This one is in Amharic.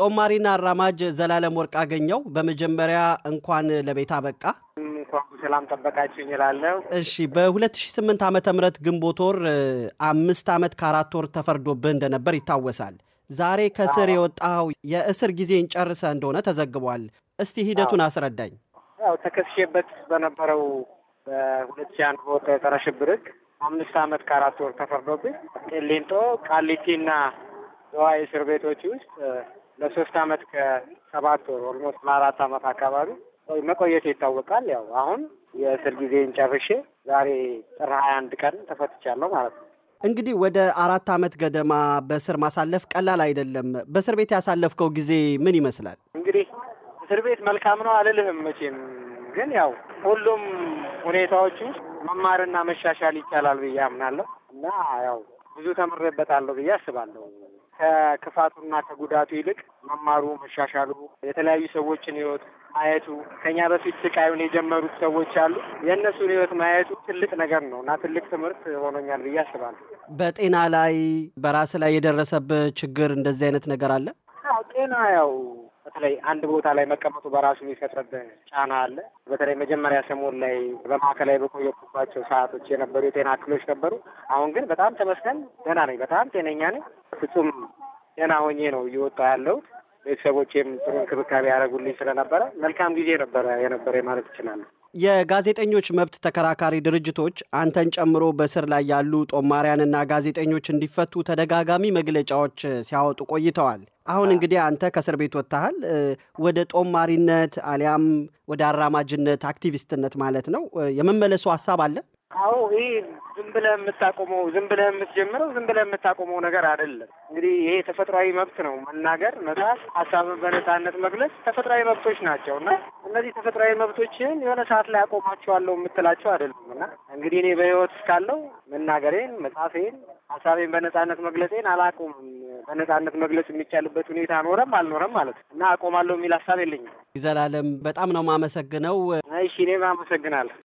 ጦማሪና አራማጅ ዘላለም ወርቅ አገኘው በመጀመሪያ እንኳን ለቤት አበቃ ሰላም ጠበቃችሁ ይላለው። እሺ በ2008 ዓ ም ግንቦት ወር አምስት ዓመት ከአራት ወር ተፈርዶብህ እንደነበር ይታወሳል። ዛሬ ከስር የወጣኸው የእስር ጊዜን ጨርሰ እንደሆነ ተዘግቧል። እስቲ ሂደቱን አስረዳኝ። ያው ተከስሼበት በነበረው በሁለት ሺህ አንድ በወጣ ሽብር አምስት ዓመት ከአራት ወር ተፈርዶብኝ ቂሊንጦ፣ ቃሊቲና ዘዋ እስር ቤቶች ውስጥ ለሶስት አመት ከሰባት ወር ኦልሞስት ለአራት አመት አካባቢ መቆየት ይታወቃል። ያው አሁን የእስር ጊዜን ጨርሼ ዛሬ ጥር ሀያ አንድ ቀን ተፈትቻለሁ ማለት ነው። እንግዲህ ወደ አራት አመት ገደማ በእስር ማሳለፍ ቀላል አይደለም። በእስር ቤት ያሳለፍከው ጊዜ ምን ይመስላል? እንግዲህ እስር ቤት መልካም ነው አልልህም መቼም፣ ግን ያው ሁሉም ሁኔታዎች መማርና መሻሻል ይቻላል ብዬ አምናለሁ እና ያው ብዙ ተምሬበታለሁ ብዬ አስባለሁ። ከክፋቱና ከጉዳቱ ይልቅ መማሩ፣ መሻሻሉ፣ የተለያዩ ሰዎችን ህይወት ማየቱ ከኛ በፊት ስቃዩን የጀመሩት ሰዎች አሉ። የእነሱን ህይወት ማየቱ ትልቅ ነገር ነው እና ትልቅ ትምህርት ሆኖኛል ብዬ አስባለሁ። በጤና ላይ በራስ ላይ የደረሰብህ ችግር እንደዚህ አይነት ነገር አለ? ጤና ያው በተለይ አንድ ቦታ ላይ መቀመጡ በራሱ የሚፈጥርብህ ጫና አለ። በተለይ መጀመሪያ ሰሞን ላይ በማዕከላዊ በቆየኩባቸው ሰዓቶች የነበሩ የጤና እክሎች ነበሩ። አሁን ግን በጣም ተመስገን ደህና ነኝ፣ በጣም ጤነኛ ነኝ። ፍጹም ጤና ሆኜ ነው እየወጣ ያለሁት። ቤተሰቦቼም ጥሩ እንክብካቤ ያደረጉልኝ ስለነበረ መልካም ጊዜ ነበረ የነበረ ማለት እችላለሁ። የጋዜጠኞች መብት ተከራካሪ ድርጅቶች አንተን ጨምሮ በስር ላይ ያሉ ጦማሪያንና ጋዜጠኞች እንዲፈቱ ተደጋጋሚ መግለጫዎች ሲያወጡ ቆይተዋል። አሁን እንግዲህ አንተ ከእስር ቤት ወጥተሃል። ወደ ጦማሪነት አሊያም ወደ አራማጅነት አክቲቪስትነት ማለት ነው የመመለሱ ሀሳብ አለ? አዎ ይሄ ዝም ብለህ የምታቆመው ዝም ብለህ የምትጀምረው ዝም ብለህ የምታቆመው ነገር አይደለም። እንግዲህ ይሄ ተፈጥሯዊ መብት ነው። መናገር፣ መጻፍ፣ ሀሳብን በነፃነት መግለጽ ተፈጥሯዊ መብቶች ናቸው እና እነዚህ ተፈጥሯዊ መብቶችን የሆነ ሰዓት ላይ አቆማቸዋለሁ የምትላቸው አይደለም እና እንግዲህ እኔ በህይወት እስካለው መናገሬን፣ መጻፌን፣ ሀሳቤን በነፃነት መግለጼን አላቆምም። በነፃነት መግለጽ የሚቻልበት ሁኔታ ኖረም አልኖረም ማለት እና አቆማለሁ የሚል ሀሳብ የለኝም። ይዘላለም በጣም ነው ማመሰግነው። እሺ እኔም አመሰግናለሁ።